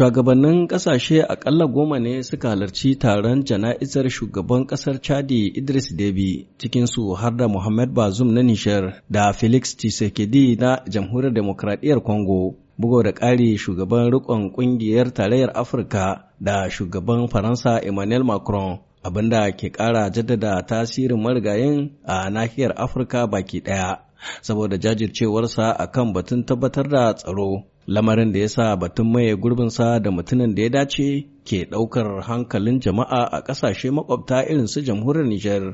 Shugabannin ƙasashe akalla goma ne suka halarci taron jana'izar shugaban ƙasar Chadi Idris cikin cikinsu har da Muhammad Bazum na Nishar da Felix Tshisekedi na Jamhuriyar Demokradiyyar Congo. Bugo da ƙari shugaban rikon ƙungiyar tarayyar Afirka da shugaban Faransa Emmanuel Macron abinda ke ƙara jaddada tasirin marigayin a nahiyar Afirka baki ɗaya. saboda jajircewarsa a kan batun tabbatar da tsaro lamarin da ya sa batun maye gurbinsa da mutumin da ya dace ke ɗaukar hankalin jama'a a ƙasashe makwabta irin su jamhuriyar Nijar.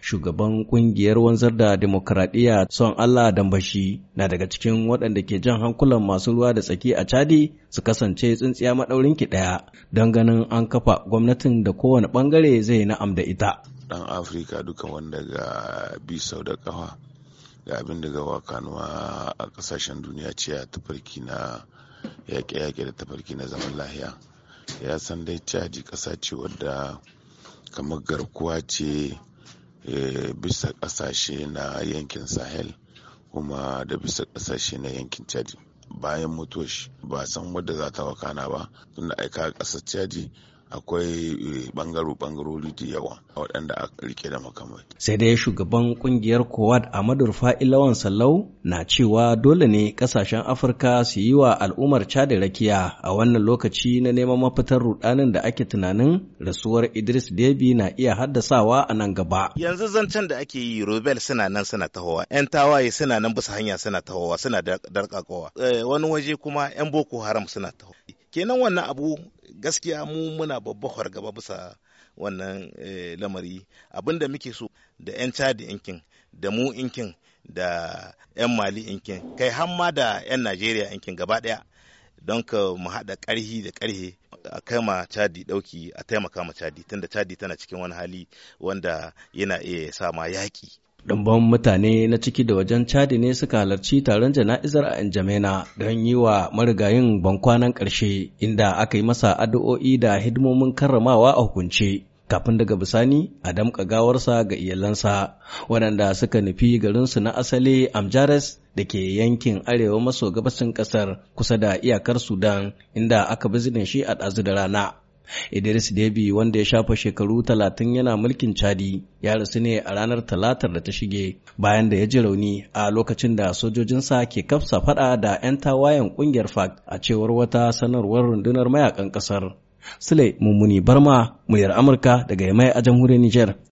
Shugaban ƙungiyar wanzar da demokradiyya son Allah dambashi na daga cikin waɗanda ke jan hankulan masu ruwa da tsaki a Cadi su kasance tsintsiya maɗaurin ki ɗaya don ganin an kafa gwamnatin da kowane ɓangare zai na'am da ita. Ɗan Afirka duka wanda ga bisau da ƙafa ga abin da gawa kanuwa a kasashen duniya ce tafarki na yaƙe-yaƙe da tafarki na zaman lahiya ya san dai caji ƙasa ce wadda kamar garkuwa ce eh, bisa ƙasashe na yankin sahel kuma da bisa ƙasashe na yankin caji bayan mutuwa ba san wadda za ta wakana ba tunda aika ƙasar caji akwai bangaro-bangarori eh, da yawa waɗanda a rike da makamai. Sai dai shugaban kungiyar Kowad Amadu Rufa'i Lawan Sallau na cewa dole ne ƙasashen Afirka su yi wa al'ummar Chadi rakiya a wannan lokaci na neman mafitar rudanin da ake tunanin rasuwar Idris Deby na iya haddasawa a nan gaba. Yanzu zancen da ake yi Robel suna nan suna tahowa, 'yan tawaye suna nan bisa hanya suna tahowa suna darƙaƙowa. Eh, wani waje kuma 'yan Boko Haram suna tahowa. kenan wannan abu gaskiya mu muna babba fargaba bisa wannan eh, lamari abinda muke so da 'yan cadi inkin da mu inkin da 'yan mali inkin kai hamma da 'yan najeriya inkin gaba daya don ka mu haɗa ƙarhi da ƙarhe a kai ma cadi ɗauki a taimaka ma cadi tunda cadi tana cikin wani hali wanda yana iya sama ma yaƙi Ɗanban mutane na ciki da wajen cadi ne suka halarci taron jana'izar a Injamena don yi wa marigayin bankwanan ƙarshe inda aka yi masa addu'o'i da hidimomin karramawa a hukunce. Kafin daga bisani a damƙa gawarsa ga iyalansa waɗanda suka nufi garinsu na asali Amjares da ke yankin arewa maso gabashin ƙasar kusa da iyakar Sudan inda aka bizinin shi a ɗazu da rana. Idris Debi wanda ya shafa shekaru talatin yana mulkin Chadi ya rasu ne a ranar talatar da ta shige bayan da ya ji rauni a lokacin da sojojinsa ke kafsa fada da 'yan tawayen kungiyar FAC a cewar wata sanarwar rundunar mayakan kasar. Sule Mummuni Barma, muryar Amurka daga Yamai a jamhuriyar Nijar.